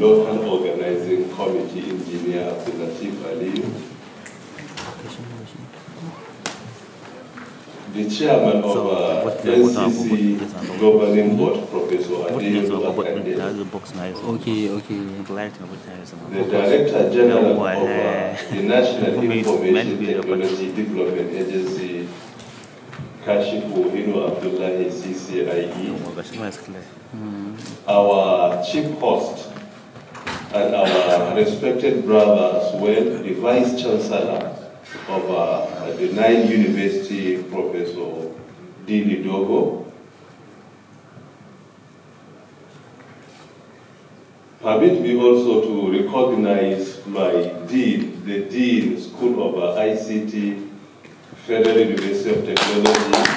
Local Organizing Committee Engineer Abdulatif Aliyu, the chairman of uh, NCC Governing Board, Professor Adil Okay, okay. The Director General of uh, uh, the National Information Technology Development Agency, Kashifu Hino Abdullahi CCIE. Oh Our chief host, and our respected brother Sued, the Vice Chancellor of uh, the Nile University, Professor Dini Dogo. Permit me also to recognize my Dean, the Dean School of uh, ICT, Federal University of Technology,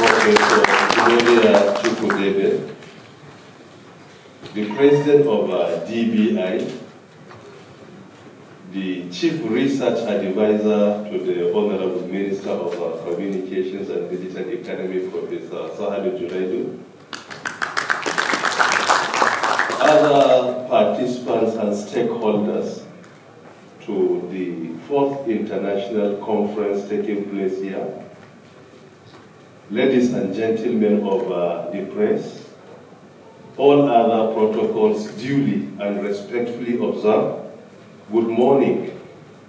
Professor Gloria the president of uh, DBI, the chief research advisor to the Honorable Minister of uh, Communications and Digital Economy, Professor Sahadu Juraidu, other participants and stakeholders to the fourth international conference taking place here, ladies and gentlemen of uh, the press, all other protocols duly and respectfully observed. Good morning,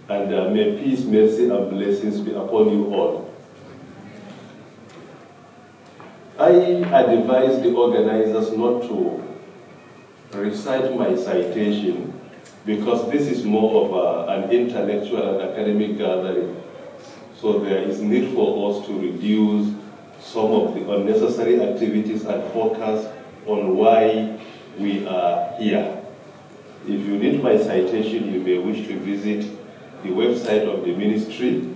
and uh, may peace, mercy, and blessings be upon you all. I advise the organizers not to recite my citation because this is more of a, uh, an intellectual and academic gathering. So there is need for us to reduce some of the unnecessary activities and focus on why we are here. If you need my citation, you may wish to visit the website of the ministry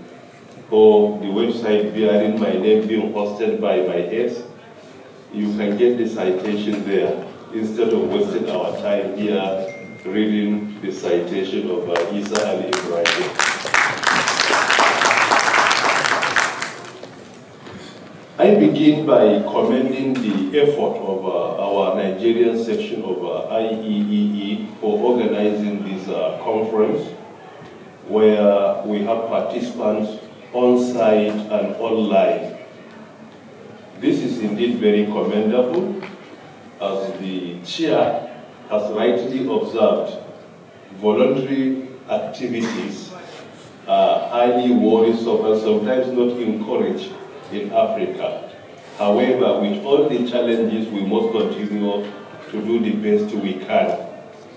or the website bearing my name being hosted by my aides. You can get the citation there instead of wasting our time here reading the citation of uh, Isa Ali Ibrahim. I begin by commending the effort of uh, our Nigerian section of uh, IEEE for organizing this uh, conference where we have participants on-site and online. This is indeed very commendable as the chair has rightly observed voluntary activities are highly worrisome and sometimes not encouraged in Africa. However, with all the challenges, we must continue to do the best we can.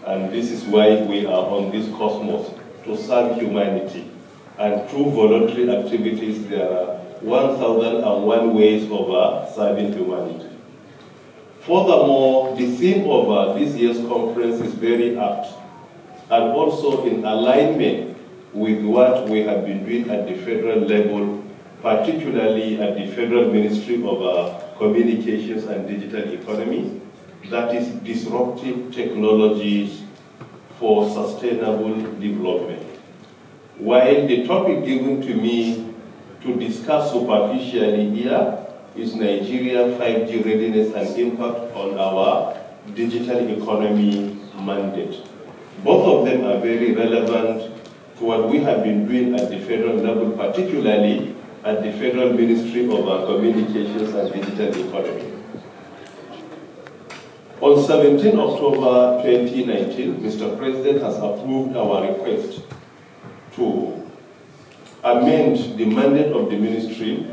And this is why we are on this cosmos, to serve humanity. And through voluntary activities, there are 1,001 ways of uh, serving humanity. Furthermore, the theme of uh, this year's conference is very apt and also in alignment with what we have been doing at the federal level particularly at the Federal Ministry of uh, Communications and Digital Economy, that is disruptive technologies for sustainable development. While the topic given to me to discuss superficially here is Nigeria 5G readiness and impact on our digital economy mandate. Both of them are very relevant to what we have been doing at the federal level, particularly at the Federal Ministry of Communications and Digital Economy. On 17 October 2019, Mr. President has approved our request to amend the mandate of the ministry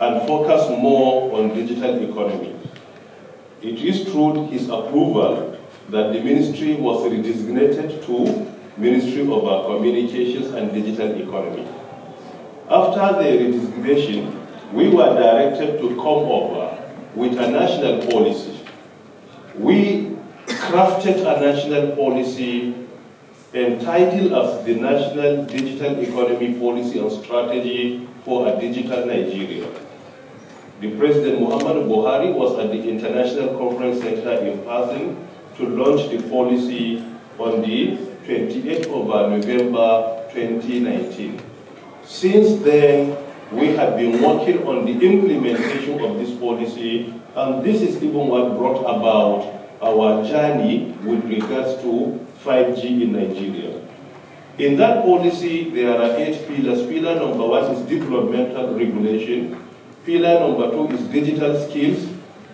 and focus more on digital economy. It is through his approval that the ministry was redesignated to Ministry of Communications and Digital Economy. After the resignation, we were directed to come over with a national policy. We crafted a national policy entitled as the National Digital Economy Policy and Strategy for a Digital Nigeria. The President Muhammad Buhari was at the International Conference Center in Passing to launch the policy on the 28th of November 2019. Since then, we have been working on the implementation of this policy, and this is even what brought about our journey with regards to 5G in Nigeria. In that policy, there are eight pillars. Pillar number one is developmental regulation. Pillar number two is digital skills.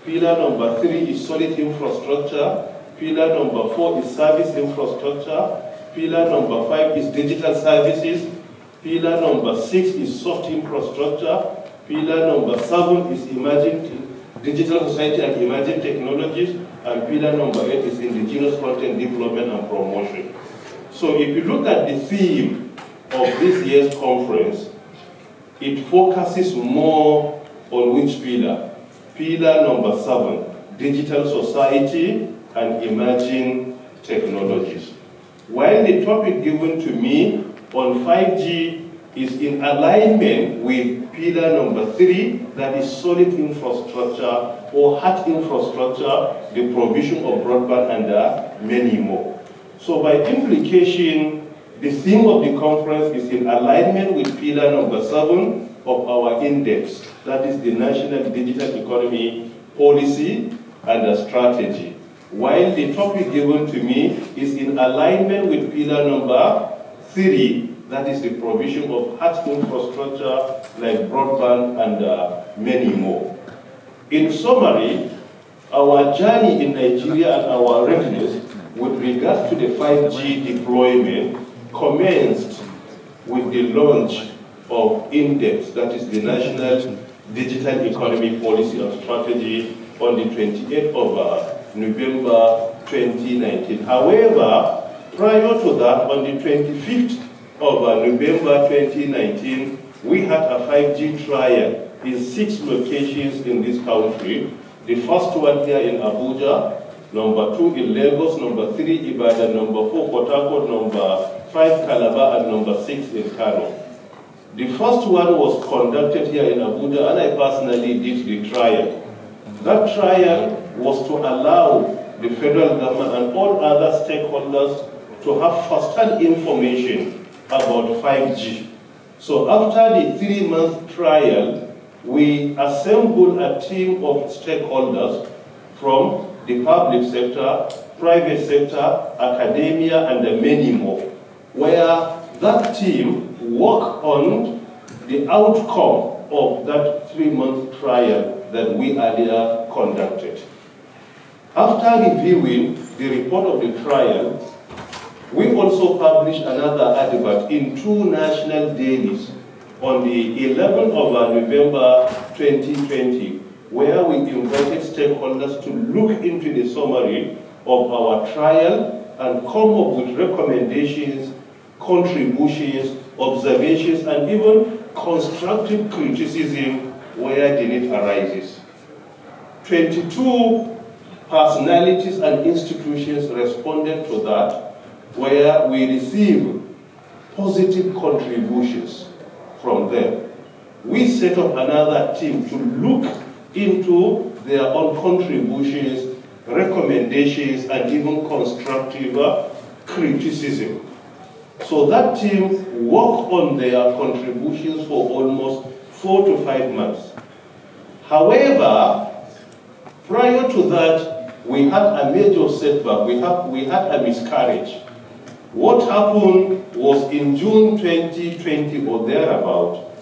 Pillar number three is solid infrastructure. Pillar number four is service infrastructure. Pillar number five is digital services. Pillar number six is soft infrastructure. Pillar number seven is emerging digital society and emerging technologies. And pillar number eight is indigenous content development and promotion. So if you look at the theme of this year's conference, it focuses more on which pillar? Pillar number seven, digital society and emerging technologies. While the topic given to me on 5G is in alignment with pillar number three, that is solid infrastructure or hard infrastructure, the provision of broadband and uh, many more. So by implication, the theme of the conference is in alignment with pillar number seven of our index, that is the National Digital Economy Policy and the uh, Strategy. While the topic given to me is in alignment with pillar number that is the provision of hard infrastructure like broadband and uh, many more. In summary, our journey in Nigeria and our readiness with regards to the 5G deployment commenced with the launch of INDEX, that is the National Digital Economy Policy and Strategy on the 28th of uh, November 2019. However, Prior to that, on the 25th of uh, November 2019, we had a 5G trial in six locations in this country. The first one here in Abuja, number two in Lagos, number three Ibadan, number four Port number five Calabar, and number six in Kano. The first one was conducted here in Abuja, and I personally did the trial. That trial was to allow the federal government and all other stakeholders to have first-hand information about 5G. So after the three-month trial, we assembled a team of stakeholders from the public sector, private sector, academia, and many more, where that team worked on the outcome of that three-month trial that we earlier conducted. After reviewing the report of the trial, we also published another advert in two national dailies on the 11th of uh, November 2020, where we invited stakeholders to look into the summary of our trial and come up with recommendations, contributions, observations, and even constructive criticism where the need arises. 22 personalities and institutions responded to that where we receive positive contributions from them. We set up another team to look into their own contributions, recommendations, and even constructive uh, criticism. So that team worked on their contributions for almost four to five months. However, prior to that, we had a major setback. We, have, we had a miscarriage what happened was in June 2020 or thereabout,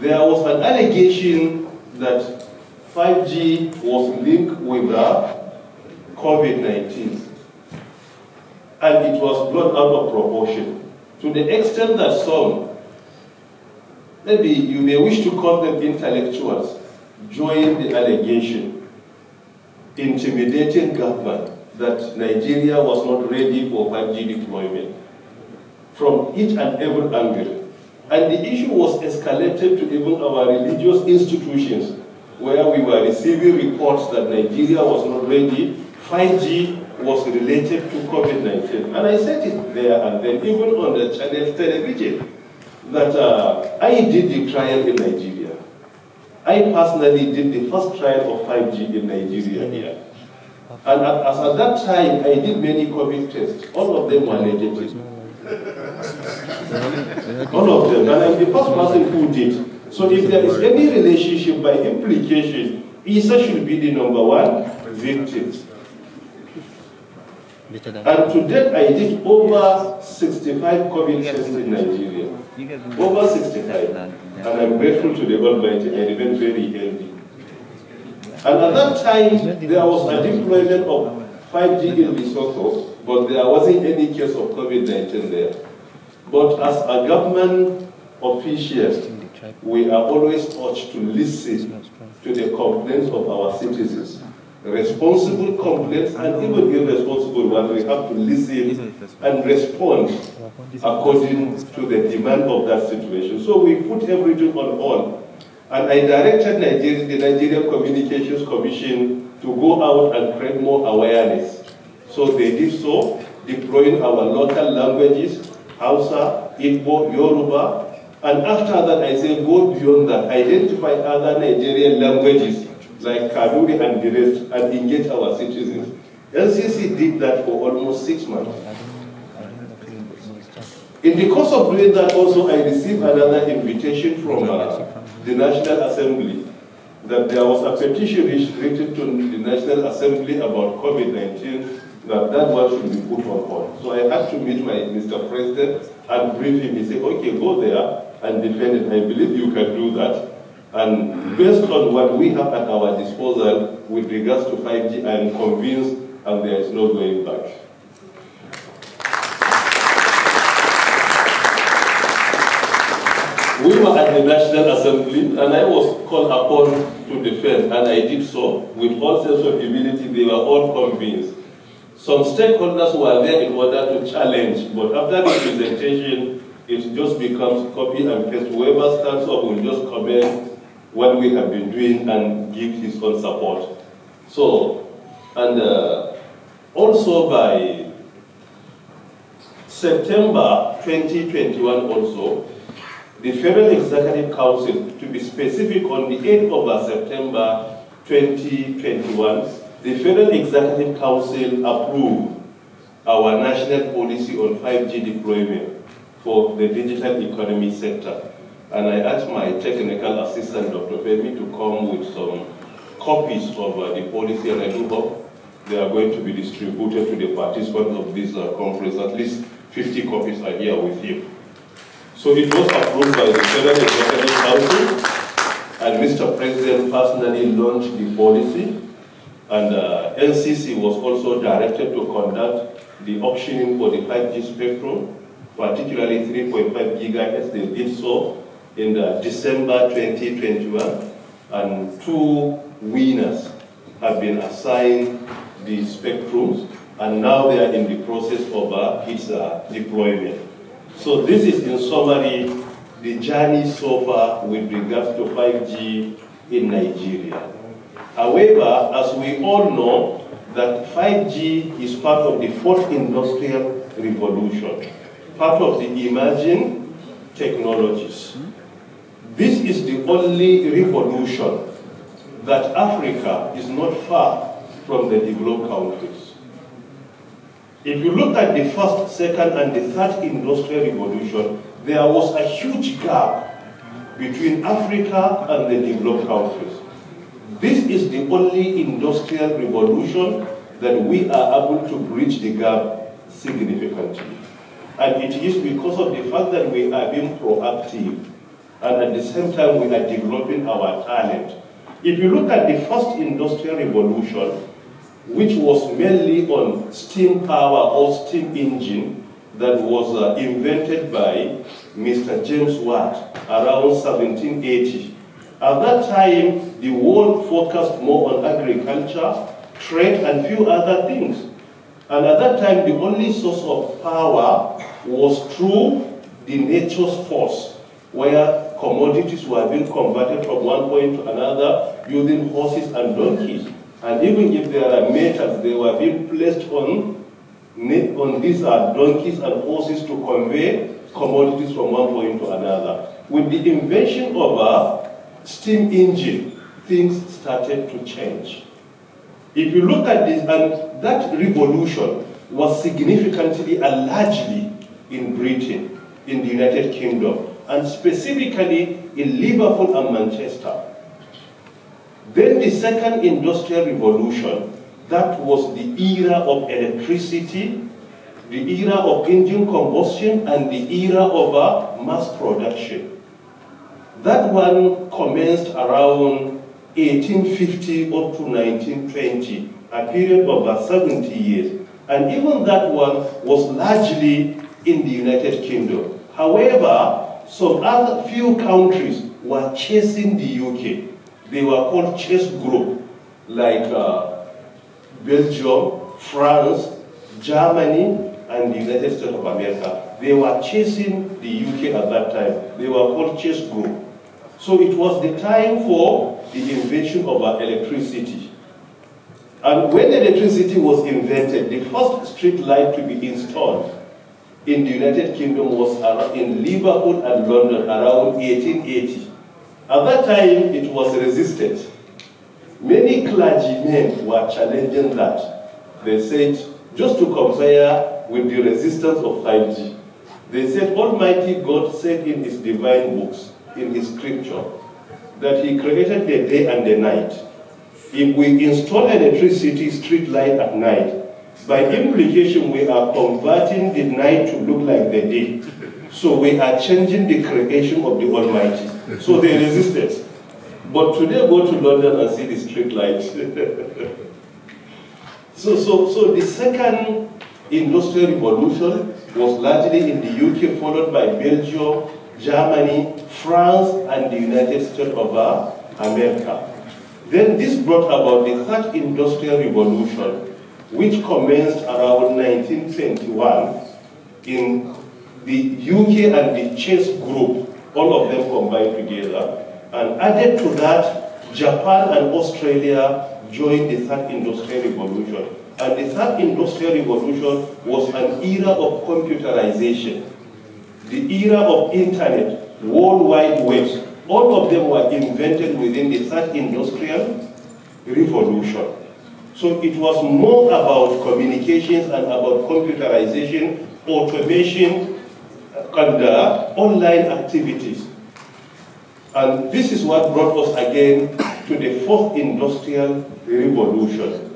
there was an allegation that 5G was linked with COVID-19. And it was blown out of proportion. To the extent that some, maybe you may wish to call them intellectuals, joined the allegation, intimidating government that Nigeria was not ready for 5G deployment from each and every angle. And the issue was escalated to even our religious institutions where we were receiving reports that Nigeria was not ready. 5G was related to COVID-19. And I said it there and then, even on the channel television, that uh, I did the trial in Nigeria. I personally did the first trial of 5G in Nigeria here. And at, as at that time, I did many COVID tests. All of them were negative. All of them. And I'm the first person who did. So if there is any relationship by implication, Isa should be the number one victim. And to date, I did over 65 COVID tests in Nigeria. Over 65. And I'm grateful to the Almighty. I remain very healthy. And at that time, there was a deployment of 5G in Lesotho, but there wasn't any case of COVID-19 there. But as a government official, we are always urged to listen to the complaints of our citizens. Responsible complaints and even irresponsible ones, we have to listen and respond according to the demand of that situation. So we put everything on hold and I directed Nigeria, the Nigerian Communications Commission to go out and create more awareness. So they did so, deploying our local languages, Hausa, Igbo, Yoruba, and after that I say go beyond that, identify other Nigerian languages like Kaduri and the rest and engage our citizens. LCC did that for almost six months. In the course of doing that also, I received another invitation from uh, the National Assembly that there was a petition which written to the National Assembly about COVID-19 that that one should be put on hold. So I had to meet my Mr. President and brief him. He said, okay, go there and defend it. I believe you can do that. And based on what we have at our disposal with regards to 5G, I am convinced and there is no going back. were at the National Assembly, and I was called upon to defend, and I did so with all sense of humility. They were all convinced. Some stakeholders were there in order to challenge, but after the presentation, it just becomes copy and paste. Whoever stands up will just comment what we have been doing and give his own support. So, and uh, also by September 2021 also, the Federal Executive Council, to be specific, on the 8th of uh, September 2021, the Federal Executive Council approved our national policy on 5G deployment for the digital economy sector. And I asked my technical assistant, Dr. Femi, to come with some copies of uh, the policy, and I do hope they are going to be distributed to the participants of this uh, conference. At least 50 copies are here with you. So it was approved by the Federal Executive Council, and Mr. President personally launched the policy, and uh, NCC was also directed to conduct the auctioning for the 5G spectrum, particularly 3.5 GHz. They did so in December 2021, and two winners have been assigned the spectrums, and now they are in the process of uh, its uh, deployment. So this is in summary the journey so far with regards to 5G in Nigeria. However, as we all know, that 5G is part of the fourth industrial revolution, part of the emerging technologies. This is the only revolution that Africa is not far from the developed countries. If you look at the first, second, and the third industrial revolution, there was a huge gap between Africa and the developed countries. This is the only industrial revolution that we are able to bridge the gap significantly. And it is because of the fact that we are being proactive and at the same time we are developing our talent. If you look at the first industrial revolution, which was mainly on steam power or steam engine that was uh, invented by Mr. James Watt around 1780. At that time, the world focused more on agriculture, trade, and few other things. And at that time, the only source of power was through the nature's force, where commodities were being converted from one point to another using horses and donkeys. And even if there are metals, they were being placed on, on these uh, donkeys and horses to convey commodities from one point to another. With the invention of a steam engine, things started to change. If you look at this, and that revolution was significantly and largely in Britain, in the United Kingdom, and specifically in Liverpool and Manchester. Then the second industrial revolution, that was the era of electricity, the era of engine combustion, and the era of uh, mass production. That one commenced around 1850 up to 1920, a period of about 70 years. And even that one was largely in the United Kingdom. However, some other few countries were chasing the UK. They were called chess group, like uh, Belgium, France, Germany, and the United States of America. They were chasing the UK at that time. They were called chess group. So it was the time for the invention of electricity. And when electricity was invented, the first street light to be installed in the United Kingdom was in Liverpool and London around 1880. At that time, it was resisted. Many clergymen were challenging that. They said, just to compare with the resistance of 5G, they said Almighty God said in his divine books, in his scripture, that he created the day and the night. If we install electricity street light at night, by implication we are converting the night to look like the day. So we are changing the creation of the Almighty so they resisted. But today go to London and see the street lights. so, so, so the second industrial revolution was largely in the UK, followed by Belgium, Germany, France, and the United States of America. Then this brought about the third industrial revolution, which commenced around 1921 in the UK and the Chess Group all of them combined together. And added to that, Japan and Australia joined the third industrial revolution. And the third industrial revolution was an era of computerization, the era of internet, worldwide webs. Web. All of them were invented within the third industrial revolution. So it was more about communications and about computerization, automation, and uh, online activities. And this is what brought us again to the fourth industrial revolution.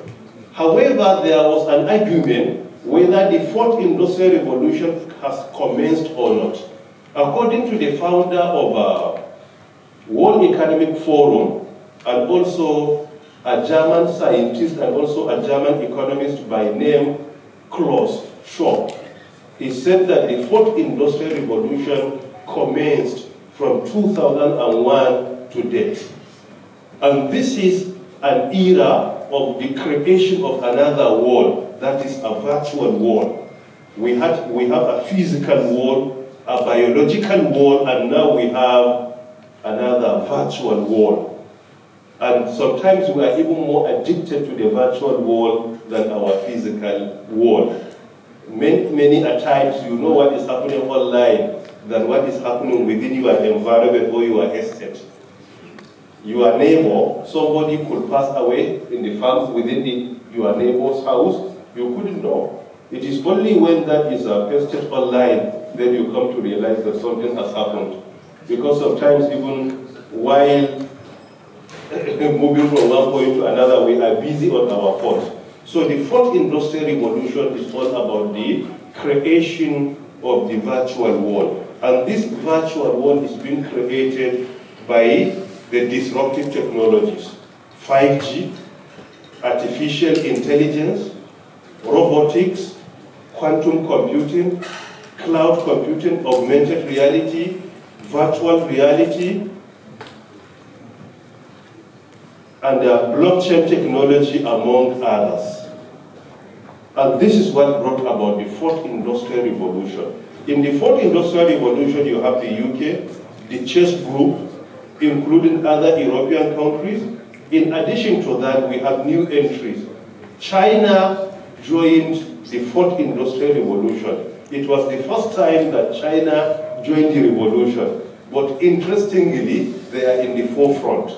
However, there was an argument whether the fourth industrial revolution has commenced or not. According to the founder of uh, World Economic Forum and also a German scientist and also a German economist by name Klaus Schwab, he said that the fourth industrial revolution commenced from 2001 to date. And this is an era of the creation of another world, that is a virtual world. We, had, we have a physical world, a biological world, and now we have another virtual world. And sometimes we are even more addicted to the virtual world than our physical world many, many a times you know what is happening online than what is happening within your environment or your estate. Your neighbor, somebody could pass away in the farm within the, your neighbor's house, you couldn't know. It is only when that is uh, posted online that you come to realize that something has happened. Because sometimes even while moving from one point to another, we are busy on our phone. So the fourth industrial revolution is all about the creation of the virtual world. And this virtual world is being created by the disruptive technologies, 5G, artificial intelligence, robotics, quantum computing, cloud computing, augmented reality, virtual reality, and uh, blockchain technology among others. And this is what brought about the fourth industrial revolution. In the fourth industrial revolution, you have the UK, the chess group, including other European countries. In addition to that, we have new entries. China joined the fourth industrial revolution. It was the first time that China joined the revolution. But interestingly, they are in the forefront.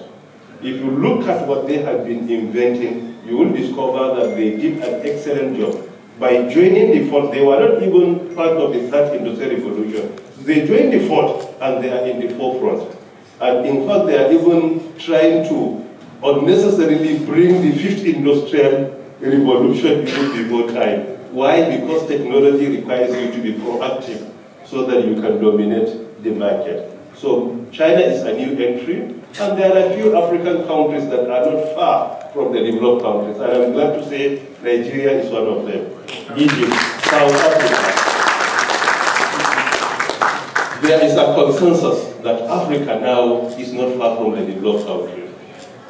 If you look at what they have been inventing, you will discover that they did an excellent job. By joining the fourth, they were not even part of the third industrial revolution. They joined the fourth, and they are in the forefront. And in fact, they are even trying to unnecessarily bring the fifth industrial revolution into before time. Why? Because technology requires you to be proactive so that you can dominate the market. So China is a new entry, and there are a few African countries that are not far from the developed countries. And I'm glad to say Nigeria is one of them. Egypt, South Africa. There is a consensus that Africa now is not far from the developed countries.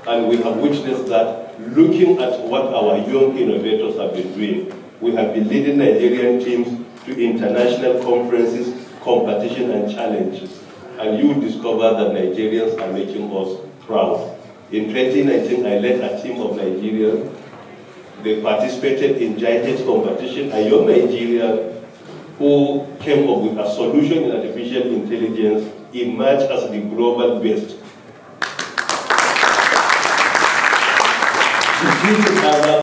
And we have witnessed that looking at what our young innovators have been doing. We have been leading Nigerian teams to international conferences, competition, and challenges and you discover that Nigerians are making us proud. In 2019, I led a team of Nigerians. They participated in giant competition. A young Nigerian who came up with a solution in artificial intelligence emerged as the global best.